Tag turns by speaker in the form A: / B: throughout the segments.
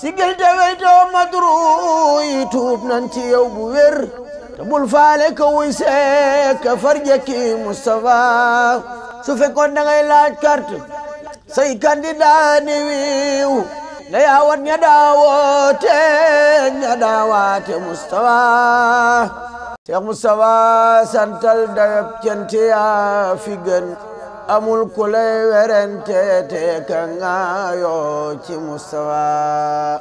A: sigil te weytoo madru yi tuub nan ci bu wér te bul faale ka wuy seek ka farjekki Moustapha su fekkoon da ngay laaj carte say candidat wiiw na yaawat ña daawoote ña daawaate santal dayab cant fi gën amul ku lay werante te ka ngaayoo ci Mustafa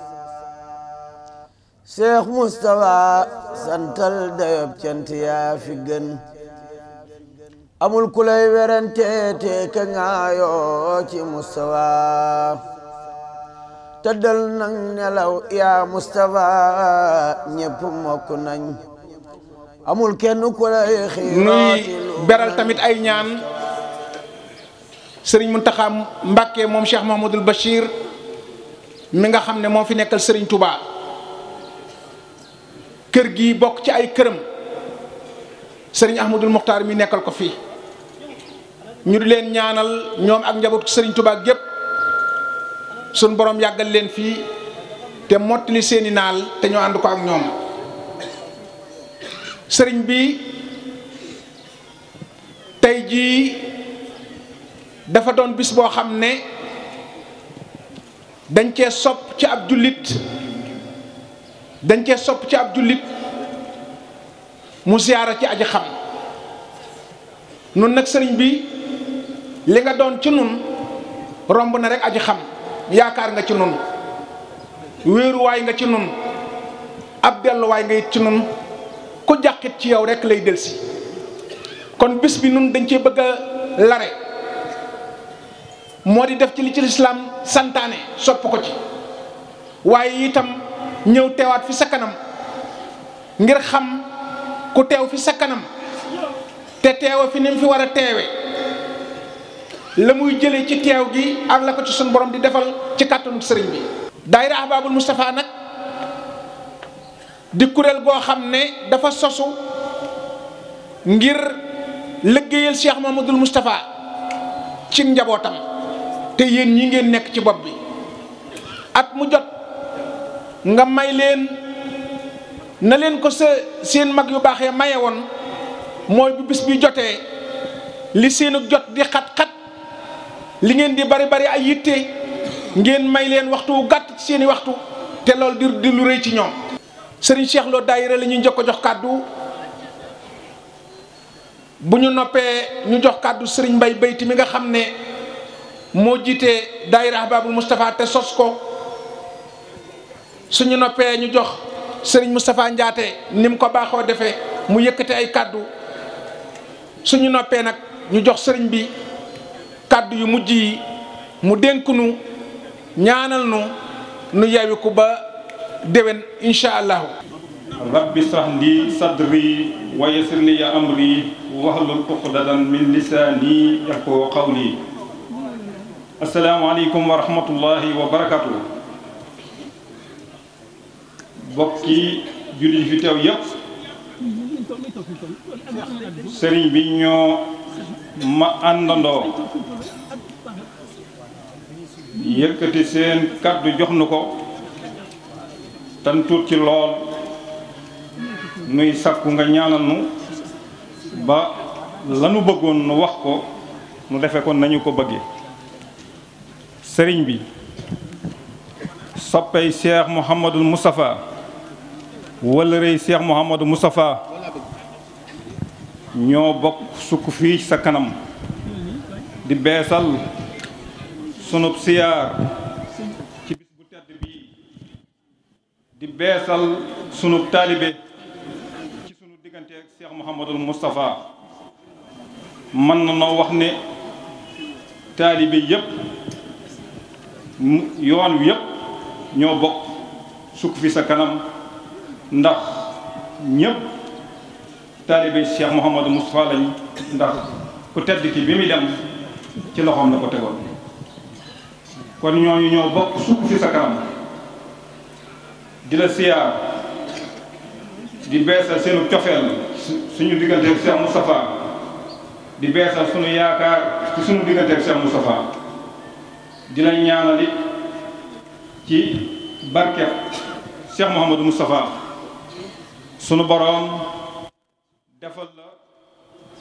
A: Cheikh Mustafa santal dayob cant yaa fi gën amul ku lay te ka ngaayoo ci Mustafa tëddal nang nelaw yaa Mustafa ñépp mokk nañ amul kenn ku lay xiiroo tamit ay ñaan
B: sëriñ Muntaxa Mbàkke moom Cheikh Mahmadul Bachir mi nga xam ne moo fi nekkal sëriñ Touba kër gi bokk ci ay këram sëriñ Ahmadul Muxtaar mi nekkal ko fii ñu di leen ñaanal ñoom ak njabootu sëriñ Touba gépp suñ borom yàggal leen fii te mottali seeni naal te ñoo ànd ko ak ñoom sëriñ bi tey jii dafa doon bis boo xam ne dañ cee sopp ci ab jullit dañ cee sopp ci ab jullit mu siyaara ci aji xam nun nag sëriñ bi li nga doon ci nun romb na rek aji xam yaakaar nga ci nun wéeruwaay nga ci nun ab delluwaay nga it ci nun ku jàqit ci yow rekk lay delsi kon bis bi nun dañ cee bëgg a lare moo di def ci li ci lislaam santaane sopp ko ci waaye itam ñëw teewaat fi sa kanam ngir xam ku teew fi sa kanam te teewa fi ni fi war a teewe la muy jëlee ci teew gi ak la ko borom di defal ci kàttanu sëriñ bi daayira ahbaabul Moustapha nag di kuréel goo xam ne dafa sosu ngir liggéeyal Cheikh Mamadul Moustapha cin njabootam te yéen ñi ngeen nekk ci bopp bi at mu jot nga may leen na leen ko sa seen mag yu baaxee maye woon mooy bu bis bi jotee li seenug jot di xat-xat li ngeen di bari bari ay yitte ngeen may leen waxtu wu gàtt ci seeni waxtu te loolu di di lu rëy ci ñoom sëriñ Cheikh Lo daayira la ñuy njëkk jox kàddu bu ñu noppee ñu jox kàddu sëriñ Mbay Bayti mi nga xam ne moo jiitee daayira Ahbabul Moustapha te sos ko suñu noppee ñu jox sëriñ Moustapha Ndiaate ni mu ko baaxoo defee mu yëkkate ay kàddu suñu noppee nag ñu jox sëriñ bi kàddu yu mujj yi mu dénk nu ñaanal nu nu yeewi
C: ko ba déwén incha allahu rabbi shrah li sadri wa yassir li amri wahlul uqdatan min lisani yafqahu qawli Assalamualaikum warahmatullahi wabarakatuh. wa barakatu bokki julli fi taw yeb serigne bi ñoo ma andando
D: yekati
C: seen kaddu jox nu tan ci lol nuy sakku nga ñaanal nu ba lanu bëggoon wax ko mu defé ko nañu ko bëggee sëriñ bi soppey cheikh mouhamadul moustapha wala rëy cheikh mouhamadou moustapha ñoo bokk sukk fii sa kanam di beesal sunub siyaar ci bis bu tedd bii di beesal sunub taalibe ci sunu diggante ak cheikh mouhamadul moustapha mën na noo wax ne taalibe yépp yoon wi yëpp ñoo bokk sukk fi sa kanam ndax ñëpp taalibe Cheikh Mouhamadou Moustapha lañ ndax ku tedd ki bi muy dem ci loxoom la ko tegoon kon ñooñu ñoo bokk sukk fi sa kanam di la siyaar di beesal seenu cofeel suñu digganteeg Cheikh Moustapha di beesal suñu yaakaar ci suñu digganteeg Cheikh Moustapha dina la ci barke Cheikh Mouhamadou Moustapha sunu boroom defal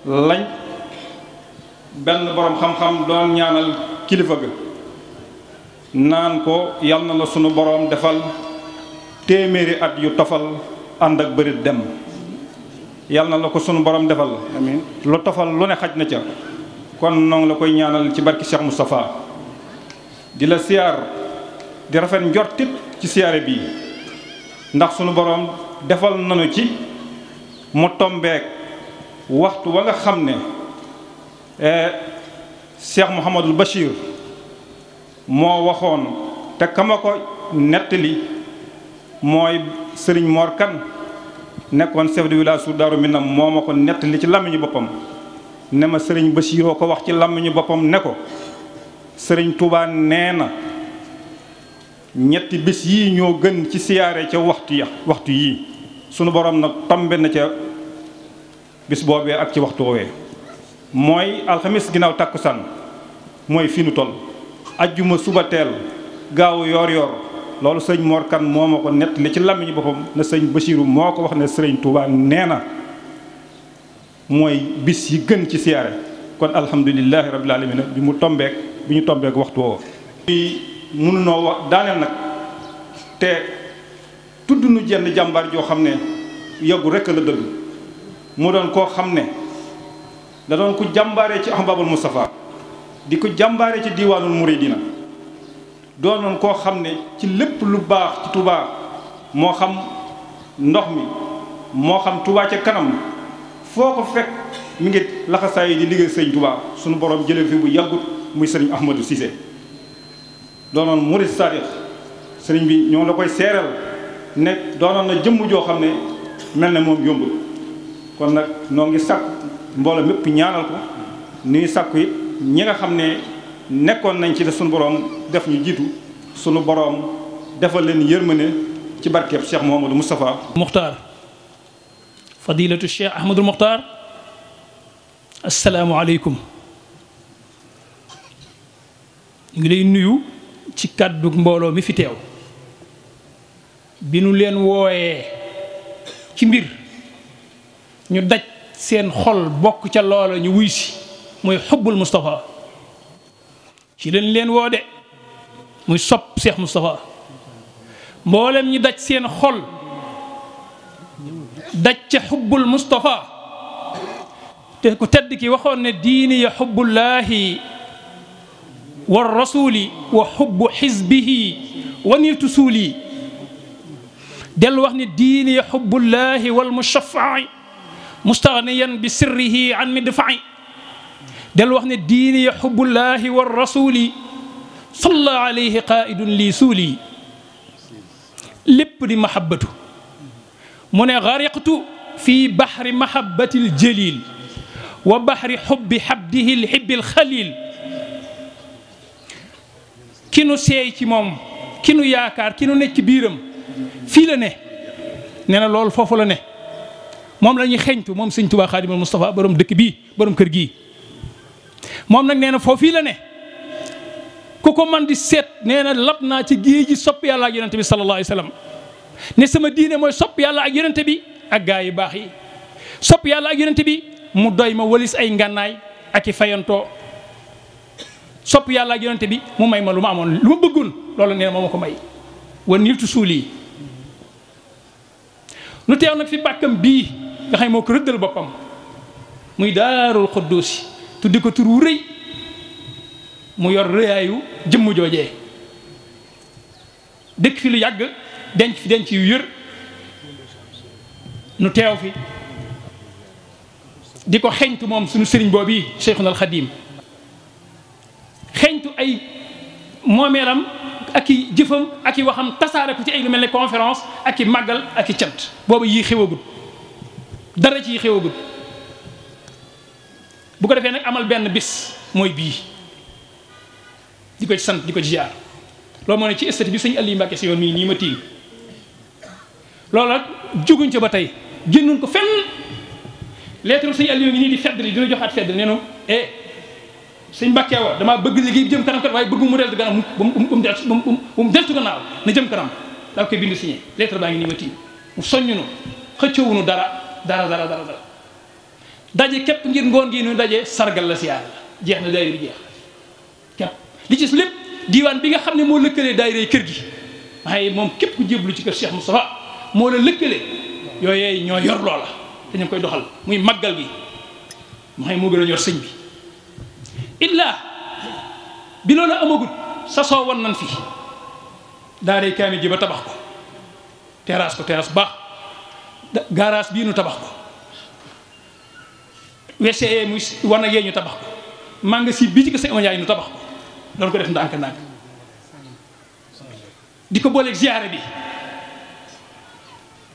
C: la lañ benn boroom xam-xam doon ñaanal kilifa ga naan ko yal na la sunu boroom defal téeméeri at yu tofal ànd ak bëri dem yal na la ko sunu boroom defal amiin lu tofal lu ne xaj na ca kon noonu la koy ñaanal ci barke Cheikh Moustapha di la siyaar di rafet njortit ci siyaare bi ndax sunu boroom defal nañu ci mu tombeek waxtu wa nga xam ne eh, Cheikh Mouhamadul Bachir moo waxoon te kama ko nettali mooy sëriñ Mor Kan nekkoon chef de village su Daaru Minam moo ma ko nettali ci làmmiñu boppam ne ma sëriñ Bachiroo ko wax ci làmmiñu boppam ne ko sëriñ Touba nee na ñetti bis yi ñoo gën ci siyaare ca waxtu ya waxtu yii sunu borom nag tombe na ca bis boobee ak ci waxtu woowee mooy alxamis ginnaaw tàkkusaan mooy fi nu toll ajjuma suba teel gaawu yoor yoor loolu sëñ Mor Kan moo ko nettali ci làmmiñu boppam ne sëñ Basiiru moo ko wax ne sëriñ Touba nee na mooy bis yi gën ci siyaare kon alhamdulilahi rabbil alamin bi mu tombeek bu ñu tombeek waxtu woowa i mënunoo wax daaneel nag te tudd nu jenn jàmbaar joo xam ne yàggu rekk la dëgg moo doon koo xam ne da doon ku jàmbaare ci ahbabul Moustapha di ko jàmbaare ci diiwaanul muridina doonoon koo xam ne ci lépp lu baax ci Touba moo xam ndox mi moo xam Touba ca kanam foo ko fekk mi ngi laxasaay di liggéey sëñ Touba sunu borom jëlee fi bu yàggut muy sëriñ Ahmadou Cissé doonoon murid sadiq sëriñ bi ñoo la koy seeral ne doonoon na jëmm joo xam ne mel na moom yombul kon nag noo ngi sàkk mbooloo mépp ñaanal ko nuy sàkku it ñi nga xam ne nekkoon nañ ci sunu boroom def ñu jiitu sunu borom defal leen yërmande ci barkeeb Cheikh Mouhamadou Moustapha
D: Muxtaar fadilatu Cheikh Ahmadou Muxtaar السلام عليكم نغي ngi تي nuyu مbolo mi fi tew bi nu leen wooyee ci mbir ñu daj seen xol bokku ca loola ñu wuy ci mooy xubbul mustafa ci len len wo de muy sop Cheikh mustafa mbolam ñu daj seen xol daj ci xubbul mustafa te ku tedd ki waxoon ne diini ya xubbullaahi wa rasuli wa xubbu xisbihi wa nitu suuli dellu wax ne diini ya xubbullaahi wal mushafai mustaxniyan bi sirrihi an midfai dellu wax ne diini ya xubbullaahi wa rasuli salla alayhi qaidun lii suuli lépp di mahabbatu mu ne gariqtu fi baxri mahabbatil jalil وبحر حب حبده الحب الخليل كينو سي تي موم كينو ياكار كينو نيت بيرم في لا نه لول فوفو لا موم لا ني موم سيني توبا خادم المصطفى بروم دك بي بروم كير موم نك نانا فوفي لا كوكو مان دي سيت نانا لابنا تي جيجي سوب يالا يونتبي صلى الله عليه وسلم ني سما دين موي سوب يالا يونتبي ak gaay yu baax yi sopp mu doy ma walis ay ngànnaay ak i fayantoo sopp yàlla ak bi mu may ma lu ma amoon lu ma bëggoon loolu nee na moo ma ko may wan niltu suul yi nu teew nag fi bàkkam bii nga xam ne moo ko rëddal boppam muy daarul xudduusi tuddi ko tur wu rëy mu yor rëyaayu jëmm joojee dëkk fi lu yàgg denc fi denc yu yër nu teew fi diko xeyntu mom suñu serigne boobu yi al Khadim xeyntu ay momeram ak i ak waxam tassara ko ci ay lu melni conférence ak magal ak i bobu yi xewagut dara ci xewagut bu ko defé nak amal ben bis moy bi diko ci sant diko ci jaar lo mo ne ci estati bi sëñ ali Mbacke si yoon mii nii ma ti loolu juguñ ci ba tey génnuñ ko fenn lettre sëñ Aliou ngi nii di feddali dina joxaat feddali nee na eh sëñ Mbàkke wa damaa bëgg liggéey bi jëm kanam kat waaye bëgg mu deltu gannaaw mu mu deltu gannaaw na jëm kanam daa koy bind signé lettre baa ngi nii ma tiim mu soññunu xëccoowunu dara dara dara dara dara daje képp ngir ngoon gi daje sargal la siyaar la jeex na daayira jeex képp li ci lépp diiwaan bi nga xam ne moo lëkkalee daayira kër gi waaye moom képp ku jéblu ci kër mu Moustapha moo la lëkkale yooyee ñoo yor loola te ñu koy doxal muy màggal gi mu xam moo gën a ñor sëñ bi illaa bi loolu amagut sasoo wan nan fi daaray kaamil ji ba tabax ko terrasse ko terrasse baax garage bii nu tabax ko wecce muy war na yee ñu tabax ko manga si bii ci ko sëñ Omar nu tabax ko doon ko def ndànk ndànk di ko booleeg ziyaare bi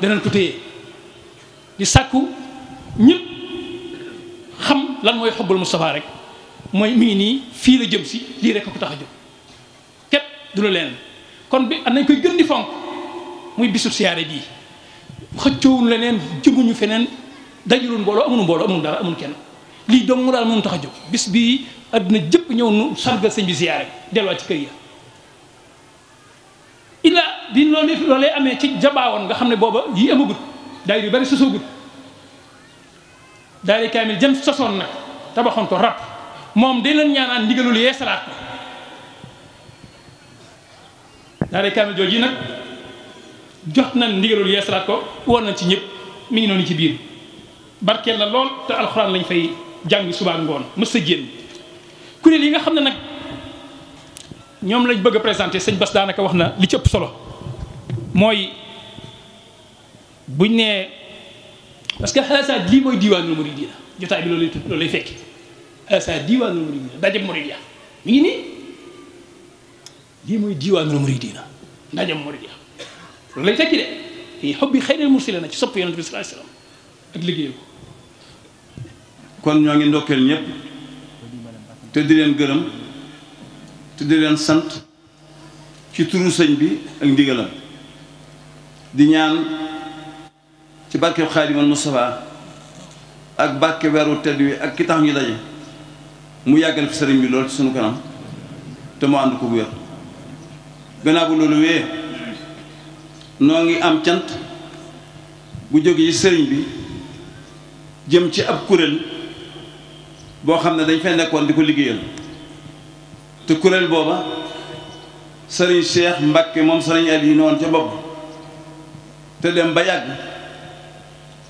D: danañ ko téye di sàkku ñëpp xam lan mooy xobbal Moustapha rek mooy mi ngi nii fii la jëm si lii rek ko tax a jóg képp du la leen kon bi am nañ koy gën di fonk muy bisu siyaare bii xëccoowuñu leneen jëmuñu feneen dajulul mbooloo amunu mbooloo amunu daal amunu kenn lii dong mu daal mënu tax a jóg bis bii àdduna jëpp ñëw nu sargal sëñ bi siyaare delluwaat ci kër ya bi loolu yëpp loolee amee ci jabaawoon nga xam ne booba yi amagut daayira yu bari sosoogut daayira kaamil jëm sosoon nag tabaxoon ko rab moom day leen ñaanaan ndigalul yeesalaat ko daayira kaamil jooju yi nag jox nañ ndigalul yeesalaat ko woon nañ ci ñëpp mi ngi noonu ci biir barkeel na lool te alxuraan lañ fay jàng suba ngoon mës sa génn kuréel yi nga xam ne nag ñoom lañ bëgg a présenté sëñ Bass daanaka wax na li ci ëpp solo mooy buñ nee parce que xaasaat lii mooy diiwaanul muridiya jotaay bi loolu lay tudd loolu lay fekki xaasaat diiwaanul muridiya dajab mi ngi nii lii mooy diiwaanul muridiya dajab muridiya loolu lay tekki de fii xob bi xëy na mursile na ci sopp yonent bi sallallahu alayhi wasallam ak liggéeyal ko.
E: kon ñoo ngi ndokkeel ñëpp te di leen gërëm te di leen sant ci turu bi ak ndigalam. di ñaan ci barkeb xaadimal Moustapha ak barke weeru tedd wi ak ki tax ñu daje mu yàggal fi sëriñ bi lool ci sunu kanam te mu ànd ko bu wér gannaaw bu loolu wee noo ngi am cant bu jóge yi sëriñ bi jëm ci ab kuréel boo xam ne dañ fay nekkoon di ko liggéeyal te kuréel booba sëriñ Cheikh Mbacke moom sëriñ yi ne woon ca bopp te dem ba yàgg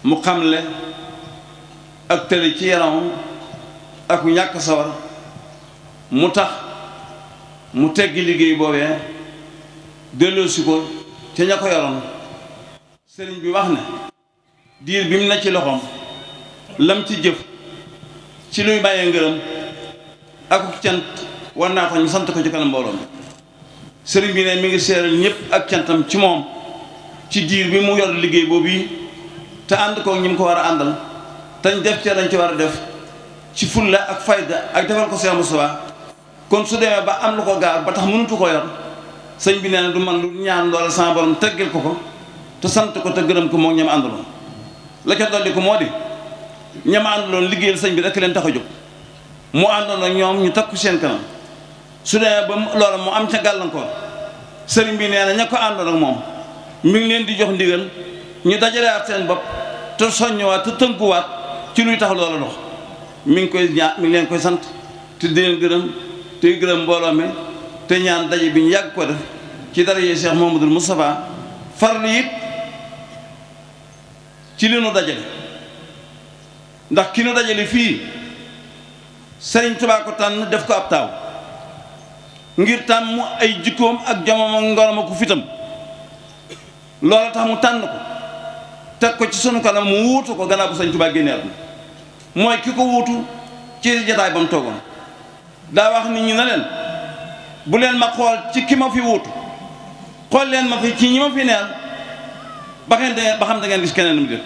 E: mu xamle ak tëli ci yaramam ak ñàkk sawar mu tax mu teggi liggéey boobee delloosi ko ca ña ko yoroon sëriñ bi wax ne diir bi mu ne ci loxoom lam ci jëf ci luy bàyyee ngërëm ak cant war naa ñu sant ko ci kanam mbooloo mi sëriñ bi ne mi ngi seeral ñëpp ak cantam ci moom ci diir bi mu yor liggéey boobu yi te ànd ko ñi mu ko war a àndal tañ def ca lañu ci war a def ci fulla ak fayda ak defal ko Cheikh Moustapha kon su demee ba am la ko gaar ba tax mënutu ko yor sëñ bi nee na du man lu ñaan loola sama borom teggil ko ko te sant ko te gërëm ko moo ñam àndaloon la ca dolli ko moo di ñam àndaloon liggéeyal sëñ bi rek leen tax a jóg mu àndoon ak ñoom ñu takku seen kanam su demee ba loola mu am ca gàllankoor sëriñ bi nee na ña ko àndoon ak moom mi ngi leen di jox ndigal ñu dajalewaat seen bopp te soññuwaat te tënkuwaat ci luy tax loola dox mi ngi koy ñaan mi ngi leen koy sant te di leen gërëm te gërëm mbooloo mi te ñaan daje bi ñu yàgg ko def ci dara yi Cheikh Mouhamadoul Moustapha farlu it ci leenu dajale ndax ki nu dajale fii Sëriñ Tuubaa ko tànn def ko ab taaw ngir tànn mu ay jikkoom ak jomam ak ngorom ku fitam loola tax mu tànn ko teg ko ci sunu kanam mu wuutu ko gannaaw bu sëñ Tuubaa génnee àdduna mooy ki ko wuutu ci jataay ba mu toogoon daa wax nit ñi na leen bu leen ma xool ci ki ma fi wuutu xool leen ma fi ci ñi ma fi neel ba ngeen de ba xam da gis keneen mu def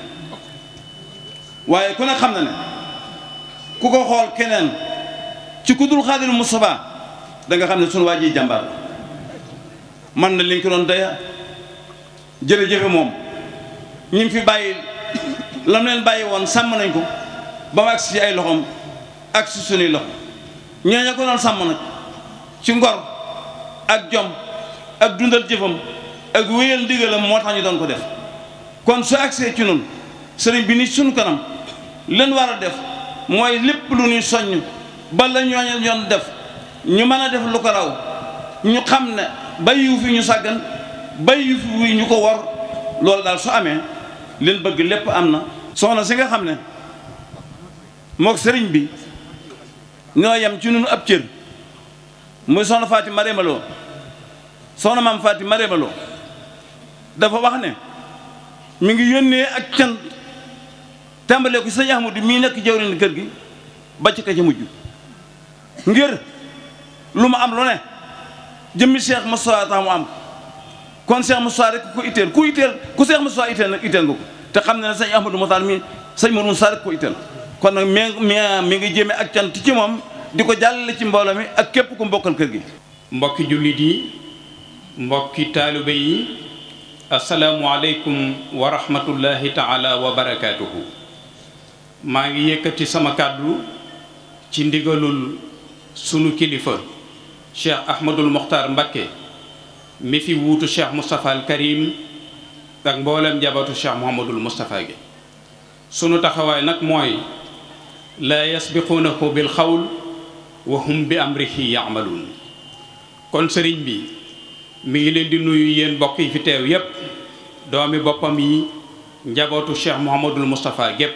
E: waaye ku ne xam na ne ku ko xool keneen ci ku dul Xaadimu Mustafaa da nga xam ne sunu waa ji jàmbaar man na li ñu daya jërëjëfe moom ñi fi bàyyi lam leen bàyyi woon sàmm nañ ko ba mu ci ay loxoom ak si sunuy loxo ñooñu ko doon sàmm nag ci ngor ak jom ak dundal jëfam ak wéyal ndigalam moo tax ñu doon ko def kon su agsee ci noonu sëriñ bi ni sunu kanam leen war a def mooy lépp lu ñuy soññ ba la ñooñu yoon def ñu mën a def lu ko raw ñu xam ne ba yiw ñu sàggan bàyyi fu ñu ko wor loolu daal su amee leen bëgg lépp am na soxna si nga xam ne mook sëriñ bi ñoo yem ci nun ab cër muy soxna Faati Marème Lo soxna maam Faati Marème Lo dafa wax ne mu ngi yónnee ak cant tàmbalee ko sëñ Ahmadu mii nekk jawrin kër gi ba ci ka ci mujj ngir lu mu am lu ne jëmmi Cheikh Moustapha mu am kon Cheikh Moussa rek ku itteel ku itteel ku Cheikh Moussa itteel nag itteel nga ko te xam ne sañ sëñ Ahmadou Mahtar mi sëñ Mourou Moussa rek ko itteel kon nag mi mi mi ngi jéeme ak cant ci moom di ko jàllale ci mbooloo mi ak képp ku mbokkal kër gi mbokki jullit yi mbokki taalibe yi
F: asalaamualeykum wa rahmatullahi taala wa barakaatuhu maa ngi yëkkati sama kàddu ci ndigalul sunu kilifa Cheikh Ahmadul Mokhtar Mbacké mifi fi wuutu cheikh mustafa al karim ak mboolem jabatu cheikh mouhamadul mustafa gi sunu taxawaay nag mooy laa yasbiquunahu bil xawl wa hum bi amrihi ya'malun kon sëriñ bi mi ngi leen di nuyu yéen mbokk yi fi teew yépp doomi boppam yi njabootu cheikh mouhamadul moustapha gépp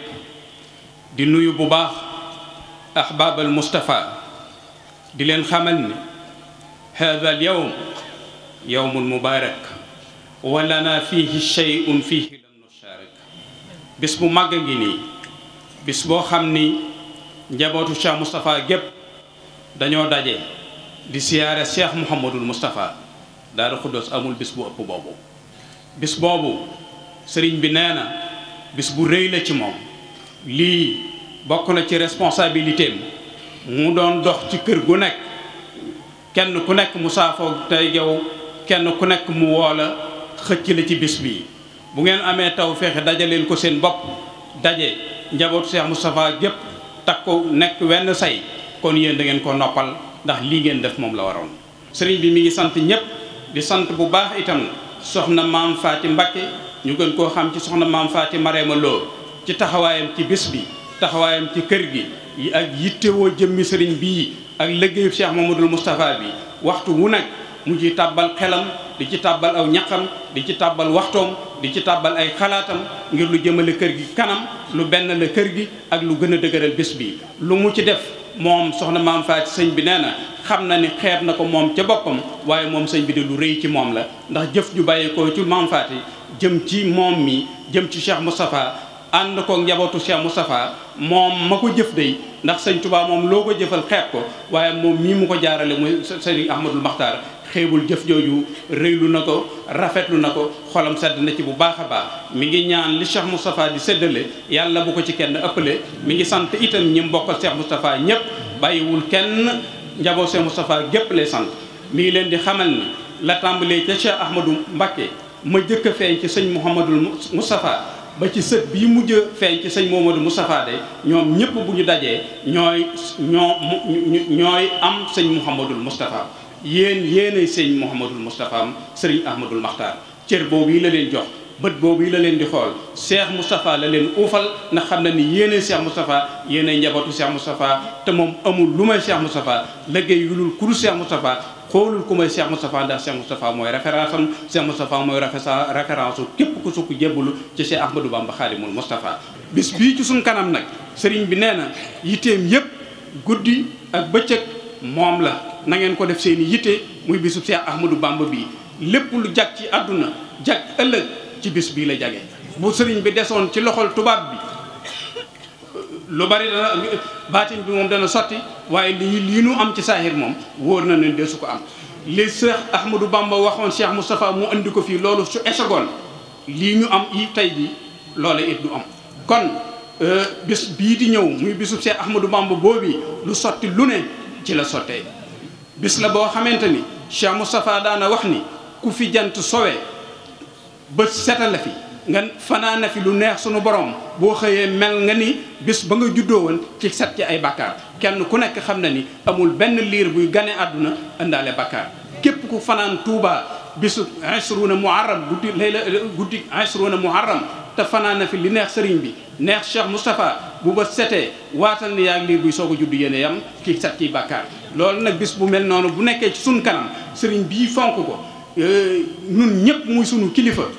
F: di nuyu bu baax ahbaabal moustapha di leen xamal ni haada al yawm يوم مبارك ولنا فيه شيء فيه لم نشارك بسم ماغيني بس بو خامني نجابوتو شيخ مصطفى جيب دانيو داجي دي سياره شيخ محمد المصطفى دار القدس امول بس بو ابو بابو بس بابو سيرن بي نانا بس بو ريلا تي موم لي بوكنا تي ريسبونسابيلتي مو دون دوخ تي كير كو نيك كين كو نيك مصافو تاي جاو kenn ku nekk mu woo la xëcc la ci bis bi bu ngeen amee taw fexe dajaleel ko seen bopp daje njabootu Cheikh Moustapha gépp takk ko nekk wenn say kon yéen da ngeen ko noppal ndax lii ngeen def moom la waroon sëriñ bi mi ngi sant ñëpp di sant bu baax itam soxna maam ci Mbakke ñu gën koo xam ci soxna maam Faati Marema Lo ci taxawaayam ci bis bi taxawaayam ci kër gi ak yittewoo jëmmi sëriñ bii ak liggéeyu Cheikh Mamadou Moustapha bi waxtu wu nag mu ci tàbbal xelam di ci tàbbal aw ñaqam di ci tàbbal waxtoom di ci tàbbal ay xalaatam ngir lu jëmale kër gi kanam lu benn la kër gi ak lu gën a dëgëral bés bii lu mu ci def moom soxna maam faati sëñ bi nee na xam na ni xeeb na ko moom ca boppam waaye moom sëñ bi de lu rëy ci moom la ndax jëf ju bàyyi ko ci maam faati jëm ci moom mii jëm ci Cheikh Moustapha ànd ko njabootu Cheikh Moustapha moom ma ko jëf day ndax sëñ Touba moom loo ko jëfal xeeb ko waaye moom mii mu ko jaarale muy sëriñ Ahmadul Maxtaar xeebul jëf joju réylu nako rafetlu nako xolam sedd na ci bu a mi ngi ñaan li Cheikh Moustapha di yalla bu ko ci kenn mi ngi sant itam ñi mbokkal Cheikh Moustapha ñëpp été, kenn njabo Cheikh Moustapha gep lay sant mi leen di xamal la ci Cheikh Ahmadou a ci ba ci ci bu ñu am yéen yéenay sëñ Mouhamadul Moustapha sëriñ Ahmadul Maxtaar cër boobu yi la leen jox bët boobu yi la leen di xool Cheikh Moustapha la leen uufal ndax xam na ni yéenay Cheikh Moustapha yéenay njabootu Cheikh Moustapha te moom amul lu may Cheikh Moustapha liggéey yulul ku dul Cheikh Moustapha xoolul ku may Cheikh Moustapha ndax Cheikh Moustapha mooy référence am Cheikh Moustapha mooy référence képp ku sukk jébbalu ci Cheikh Ahmadou ba Xaadimul Moustapha bis bii ci suñ kanam nag sëriñ bi nee na yitteem yépp guddi ak bëccëg moom la nangeen ko def seen i yitte muy bisub Seex Ahmadou Bamba bii lépp lu jag ci àdduna jag ëllëg ci bis bii la jage bu sëriñ bi desoon ci loxol tubaab bi lu bari dana baatin bi moom dana sotti waaye lii lii nu am ci saahir moom wóor na ne desu ko am li Seex Ahmadou Bamba waxoon Cheikh Moustapha mu indi ko fii loolu su échegoon lii ñu am i tey bi loola it du am kon euh, bis bii di ñëw muy bisub Cheikh Ahmadou Bamba boobu lu sotti lu ne ci la sottee bis la bo xamanteni Cheikh Moustapha dana wax ni ku fi jant sowe bët setal fi nga na fi lu neex sunu borom bo xeye mel nga ni bis ba nga juddo won ci set ci ay bakkar kenn ku nek xamna ni amul ben lire buy gane aduna andale bakkar kep ku fanan Touba bis 20 muharram guddi layla guddi 20 muharram ta fana na fi li neex serigne bi neex Cheikh Moustapha bu ba seté watal ni yaa ngi buy sogo a juddu yéene yam ci set ci bakkar loolu nag bis bu mel noonu bu nekkee ci suñ kanam sëriñ bii fonk ko nun eh, ñëpp muy sunu kilifa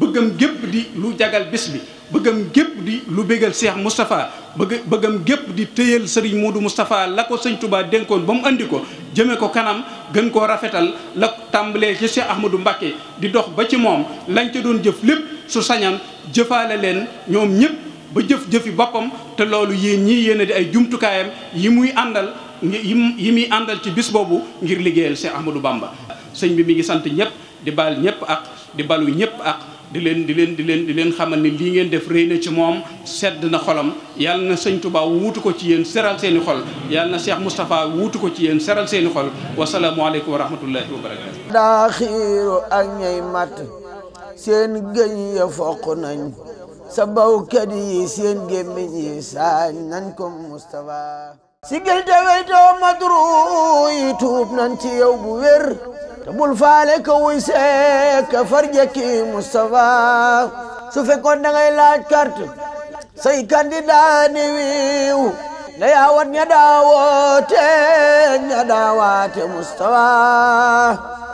F: bëggam gépp di lu jagal bis bi bëggam gépp di lu bégal Cheikh Moustapha bëgg bëggam gépp di téyal sëriñ Modou mustafaa la ko sëñ Touba dénkoon ba mu andi ko jëme ko kanam gën koo rafetal la tàmbalee ci Cheikh Ahmadou Mbacké di dox ba ci moom lañ ca doon jëf lépp su sañan jëfaale leen ñoom ñëpp ba jëf jëfi boppam te loolu yéen ñii yéen di ay jumtukaayam yi muy àndal yi muy àndal ci bis boobu ngir liggéeyal Cheikh Ahmadou Bamba sëñ bi mi ngi sant ñëpp di bal ñëpp ak di balu ñëpp ak di leen di leen di leen di leen xamal ni lii ngeen def rëy na ci moom sedd na xolam yal na sëñ Tuubaa wuutu ko ci yéen seral seeni xol yàlla na seex Moustapha wuutu ko ci yéen seral seeni xol wasalaamualeykum wa rahmatullahi wa barakatu
A: daa xiiru ak ñay matt seen gëñ ya foq nañ sa bawkat yi seen gémmiñ yi saañ nañ ko Moustapha sigil te weytoo madru yi tuub nan ci bu wér te bul faale ka wuy seek ka farjaki Moustapha su fekkoon da ngay laaj carte say candidat wiiw na yaawat ña daawoote ña daawaate Moustapha